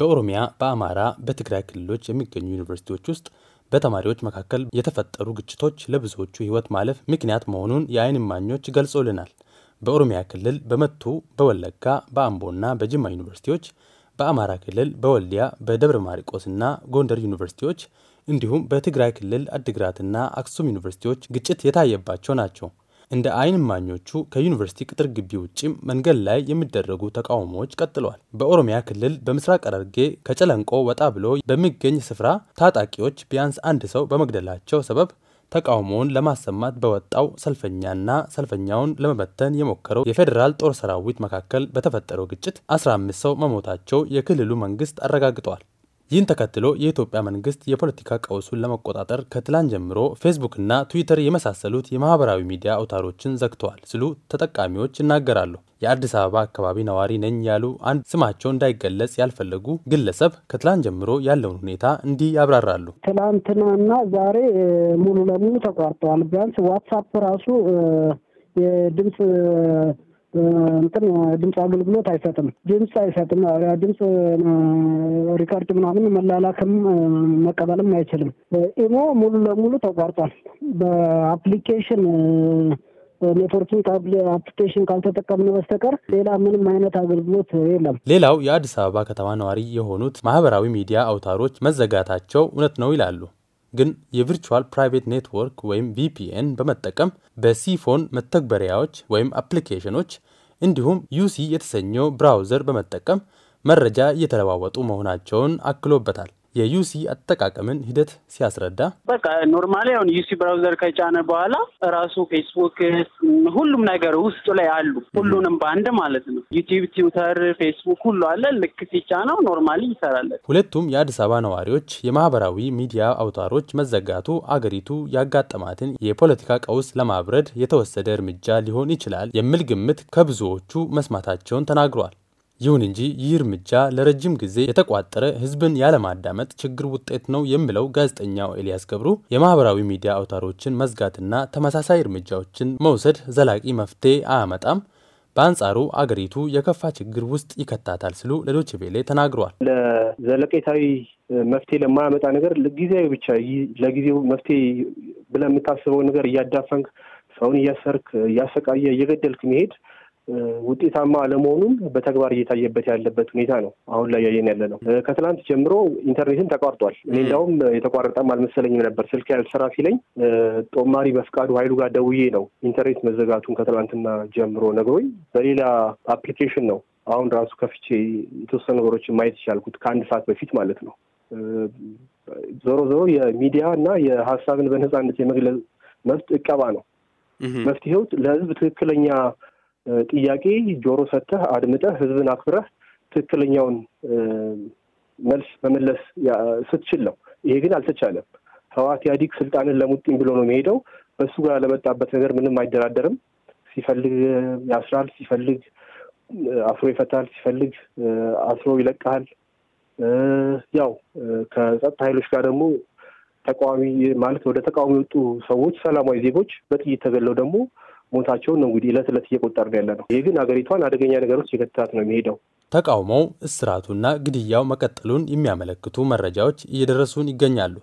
በኦሮሚያ በአማራ በትግራይ ክልሎች የሚገኙ ዩኒቨርሲቲዎች ውስጥ በተማሪዎች መካከል የተፈጠሩ ግጭቶች ለብዙዎቹ ሕይወት ማለፍ ምክንያት መሆኑን የአይን እማኞች ገልጾልናል። በኦሮሚያ ክልል በመቱ፣ በወለጋ፣ በአምቦና በጅማ ዩኒቨርሲቲዎች፣ በአማራ ክልል በወልዲያ፣ በደብረ ማርቆስና ጎንደር ዩኒቨርሲቲዎች እንዲሁም በትግራይ ክልል አድግራትና አክሱም ዩኒቨርሲቲዎች ግጭት የታየባቸው ናቸው። እንደ አይን ማኞቹ ከዩኒቨርሲቲ ቅጥር ግቢ ውጭም መንገድ ላይ የሚደረጉ ተቃውሞዎች ቀጥለዋል። በኦሮሚያ ክልል በምስራቅ ሐረርጌ ከጨለንቆ ወጣ ብሎ በሚገኝ ስፍራ ታጣቂዎች ቢያንስ አንድ ሰው በመግደላቸው ሰበብ ተቃውሞውን ለማሰማት በወጣው ሰልፈኛና ሰልፈኛውን ለመበተን የሞከረው የፌዴራል ጦር ሰራዊት መካከል በተፈጠረው ግጭት 15 ሰው መሞታቸው የክልሉ መንግስት አረጋግጧል። ይህን ተከትሎ የኢትዮጵያ መንግስት የፖለቲካ ቀውሱን ለመቆጣጠር ከትላንት ጀምሮ ፌስቡክና ትዊተር የመሳሰሉት የማህበራዊ ሚዲያ አውታሮችን ዘግተዋል ሲሉ ተጠቃሚዎች ይናገራሉ። የአዲስ አበባ አካባቢ ነዋሪ ነኝ ያሉ አንድ ስማቸው እንዳይገለጽ ያልፈለጉ ግለሰብ ከትላንት ጀምሮ ያለውን ሁኔታ እንዲህ ያብራራሉ። ትላንትናና ዛሬ ሙሉ ለሙሉ ተቋርጠዋል። ቢያንስ ዋትሳፕ ራሱ የድምፅ እንትን ድምፅ አገልግሎት አይሰጥም። ድምፅ አይሰጥም። ድምፅ ሪከርድ ምናምን መላላክም መቀበልም አይችልም። ኢሞ ሙሉ ለሙሉ ተቋርጧል። በአፕሊኬሽን ኔትወርኪንግ አፕሊኬሽን ካልተጠቀምን በስተቀር ሌላ ምንም አይነት አገልግሎት የለም። ሌላው የአዲስ አበባ ከተማ ነዋሪ የሆኑት ማህበራዊ ሚዲያ አውታሮች መዘጋታቸው እውነት ነው ይላሉ። ግን የቪርቹዋል ፕራይቬት ኔትወርክ ወይም ቪፒኤን በመጠቀም በሲፎን መተግበሪያዎች ወይም አፕሊኬሽኖች እንዲሁም ዩሲ የተሰኘው ብራውዘር በመጠቀም መረጃ እየተለዋወጡ መሆናቸውን አክሎበታል። የዩሲ አጠቃቀምን ሂደት ሲያስረዳ በቃ ኖርማሊ አሁን ዩሲ ብራውዘር ከጫነ በኋላ ራሱ ፌስቡክ ሁሉም ነገር ውስጡ ላይ አሉ። ሁሉንም በአንድ ማለት ነው። ዩቲዩብ፣ ትዊተር፣ ፌስቡክ ሁሉ አለ። ልክ ሲጫነው ኖርማሊ ይሰራለን። ሁለቱም የአዲስ አበባ ነዋሪዎች የማህበራዊ ሚዲያ አውታሮች መዘጋቱ አገሪቱ ያጋጠማትን የፖለቲካ ቀውስ ለማብረድ የተወሰደ እርምጃ ሊሆን ይችላል የሚል ግምት ከብዙዎቹ መስማታቸውን ተናግሯል። ይሁን እንጂ ይህ እርምጃ ለረጅም ጊዜ የተቋጠረ ህዝብን ያለማዳመጥ ችግር ውጤት ነው የሚለው ጋዜጠኛው ኤልያስ ገብሩ የማህበራዊ ሚዲያ አውታሮችን መዝጋትና ተመሳሳይ እርምጃዎችን መውሰድ ዘላቂ መፍትሄ አያመጣም፣ በአንጻሩ አገሪቱ የከፋ ችግር ውስጥ ይከታታል ሲሉ ለዶይቼ ቬለ ለዘለቄታዊ መፍትሄ ለማያመጣ ነገር ጊዜያዊ ብቻ ለጊዜው መፍትሄ ብለህ የምታስበው ነገር እያዳፈንክ ሰውን እያሰርክ እያሰቃየ እየገደልክ መሄድ ውጤታማ አለመሆኑን በተግባር እየታየበት ያለበት ሁኔታ ነው አሁን ላይ ያየን ያለ ነው። ከትላንት ጀምሮ ኢንተርኔትም ተቋርጧል። እኔ እንዲያውም የተቋረጠም አልመሰለኝም ነበር። ስልክ ያልሰራ ሲለኝ ጦማሪ በፍቃዱ ኃይሉ ጋር ደውዬ ነው ኢንተርኔት መዘጋቱን ከትላንትና ጀምሮ ነግሮኝ በሌላ አፕሊኬሽን ነው አሁን ራሱ ከፍቼ የተወሰኑ ነገሮችን ማየት ይቻልኩት ከአንድ ሰዓት በፊት ማለት ነው። ዞሮ ዞሮ የሚዲያ እና የሀሳብን በነፃነት የመግለጽ መብት እቀባ ነው። መፍትሄው ለህዝብ ትክክለኛ ጥያቄ ጆሮ ሰጥተህ አድምጠህ ህዝብን አክብረህ ትክክለኛውን መልስ መመለስ ስትችል ነው። ይሄ ግን አልተቻለም። ህወሓት ኢህአዲግ ስልጣንን ለሙጥኝ ብሎ ነው የሚሄደው። በእሱ ጋር ለመጣበት ነገር ምንም አይደራደርም። ሲፈልግ ያስራል፣ ሲፈልግ አስሮ ይፈታል፣ ሲፈልግ አስሮ ይለቃል። ያው ከጸጥታ ኃይሎች ጋር ደግሞ ተቃዋሚ ማለት ወደ ተቃዋሚ የወጡ ሰዎች ሰላማዊ ዜጎች በጥይት ተገለው ደግሞ ሞታቸውን ነው እንግዲህ እለት ዕለት ያለ ነው። ይህ ግን ሀገሪቷን አደገኛ ነገሮች የከተታት ነው የሚሄደው። ተቃውሞው እስራቱና ግድያው መቀጠሉን የሚያመለክቱ መረጃዎች እየደረሱን ይገኛሉ።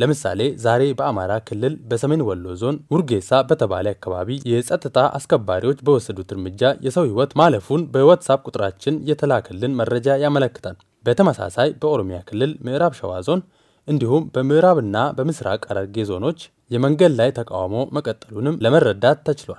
ለምሳሌ ዛሬ በአማራ ክልል በሰሜን ወሎ ዞን ውርጌሳ በተባለ አካባቢ የጸጥታ አስከባሪዎች በወሰዱት እርምጃ የሰው ሕይወት ማለፉን በዋትሳፕ ቁጥራችን የተላከልን መረጃ ያመለክታል። በተመሳሳይ በኦሮሚያ ክልል ምዕራብ ሸዋ ዞን እንዲሁም በምዕራብና በምስራቅ ሐረርጌ ዞኖች የመንገድ ላይ ተቃውሞ መቀጠሉንም ለመረዳት ተችሏል